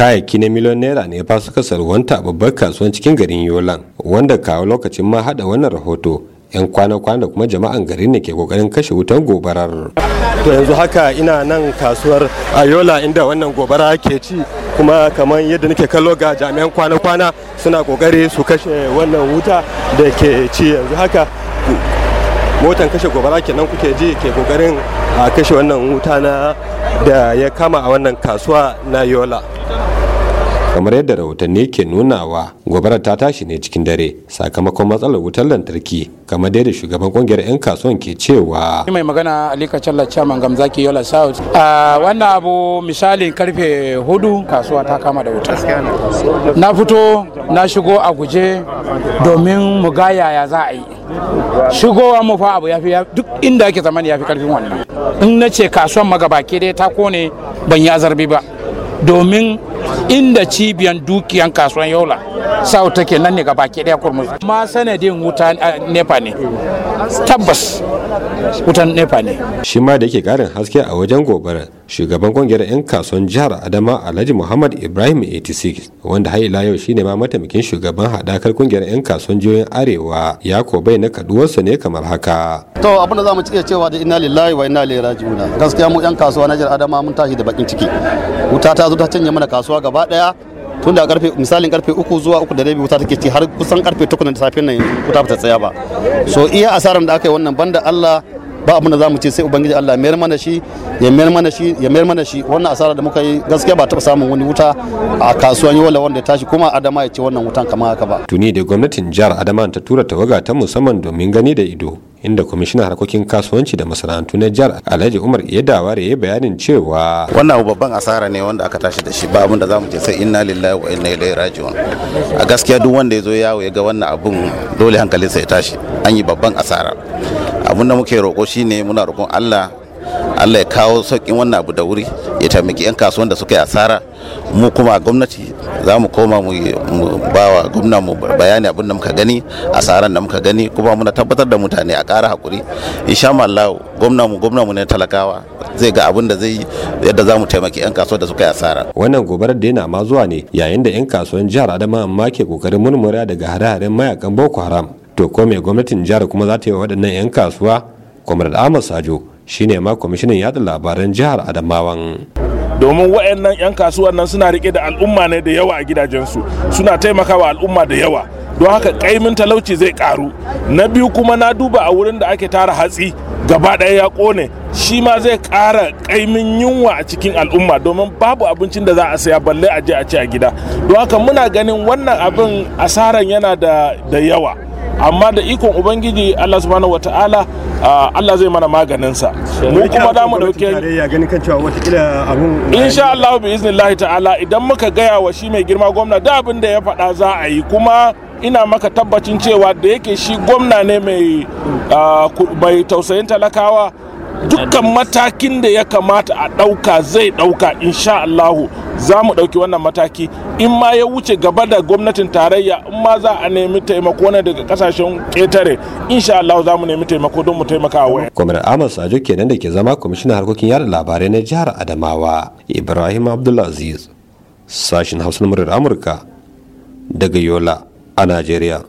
kayayyaki na miliyon naira ne fa suka sarwanta a babbar kasuwan cikin garin yolan wanda kawo lokacin ma hada wannan rahoto yan kwana-kwana da kuma jama'an garin ne ke kokarin kashe wutan gobarar to yanzu haka ina nan kasuwar ayola inda wannan gobara ke ci kuma kamar yadda nake kallo ga jami'an kwana-kwana suna kokari su kashe wannan wuta da ke ci yanzu haka motan kashe gobara kenan kuke ji ke kokarin a kashe wannan wuta na da ya kama a wannan kasuwa na yola kamar yadda rahotanni ke nunawa gobarar ta tashi ne cikin dare sakamakon matsalar wutar lantarki kamar da shugaban kungiyar 'yan kasuwan ke cewa mai magana alika challa chairman gamzaki yola south a wannan abu misali karfe hudu kasuwa ta kama da wuta na fito na shigo a guje domin mu ga yaya za a yi shigowa mu fa abu yafi duk inda ake zamani yafi karfin wannan in na ce kasuwan magabaki dai ta kone ban yi azarbi ba domin inda cibiyan dukiyan kasuwan yola sau take nan ne gaba ke daya kurmus ma sanadin wuta eh, nepa ne tabbas wutan nepa ne shi ma da yake karin haske a wajen gobara shugaban kungiyar 'yan kasuwan jihar adama alhaji muhammad ibrahim 86 wanda har ila yau shine ma mataimakin shugaban hadakar kungiyar 'yan kasuwan jihohin arewa ya ko bai na su ne kamar haka to abin da zamu iya cewa da inna lillahi wa inna ilaihi raji'una gaskiya mu 'yan kasuwa na jihar adama mun tashi da bakin ciki wuta ta zo ta canje mana kasuwa gaba daya tun da karfe misalin karfe uku zuwa uku da rabi wuta take ci har kusan karfe takwas na safe nan wuta ta tsaya ba so iya asaran da aka yi wannan banda Allah ba abin da za mu ce sai ubangiji Allah mayar mana shi ya mayar mana shi ya mayar mana shi wannan asara da muka yi gaskiya ba taɓa samun wani wuta a kasuwan yola wanda ya tashi kuma adama ya ce wannan wutan kamar haka ba tuni da gwamnatin jihar adama ta tura tawaga ta musamman domin gani da ido inda kwamishinan harkokin kasuwanci da masana'antu na jihar alhaji umar yadaware ya bayanin cewa wannan abu babban asara ne wanda aka tashi da shi ba abin da zamu ce sai inna lillahi wa inna ilaihi raji'un a gaskiya duk wanda ya zo yawo ya ga wannan abun dole hankalinsa ya tashi an yi babban asara abun da muke roƙo shine muna roƙon Allah allah ya kawo sauƙin wannan abu da wuri ya taimaki 'yan kasuwan da suka yi asara mu kuma gwamnati za mu koma mu ba wa mu bayani abin da muka gani asaran da muka gani kuma muna tabbatar da mutane a ƙara hakuri insha Allah gwamna mu gwamna mu ne talakawa zai ga abin da zai yadda za mu taimaki 'yan kasuwa da suka yi asara wannan gobarar da yana ma zuwa ne yayin da 'yan kasuwan jihar adama amma ke kokarin murmura daga hare-haren mayakan boko haram to ko mai gwamnatin jihar kuma za ta yi wa waɗannan 'yan kasuwa kwamar ahmad sajo shine ma kwamishinan yada labaran jihar adamawan domin waɗannan 'yan kasuwar nan suna rike da al'umma ne da yawa a gidajensu suna taimakawa al'umma da yawa don haka kaimin talauci zai karu na biyu kuma na duba a wurin da ake tara hatsi gaba ɗaya ya kone shi ma zai ƙara ƙaimin yunwa a cikin al'umma domin babu abincin da za a saya balle a je a ci a gida don haka muna ganin wannan abin asaran yana da yawa amma da ikon ubangiji Allah subhanahu wataala ah, Allah zai mana maganinsa mu kuma da mu dauke insha Allah bi iznillahi ta'ala idan muka gaya wa shi mai girma gwamna da abin da ya faɗa za a yi kuma ina maka tabbacin cewa da yake shi gwamna ne mai ah, tausayin talakawa dukkan matakin da ya kamata a ɗauka zai ɗauka insha Allahu za mu ɗauki wannan mataki in ma ya wuce gaba da gwamnatin tarayya in ma za a nemi taimako ne daga kasashen ƙetare insha Allah za mu nemi taimako don mu taimaka wa kwamitin Amos Ajo kenan da ke zama kwamishinan harkokin yada labarai na jihar Adamawa Ibrahim Abdulaziz sashin Hausa na Amurka daga Yola a Najeriya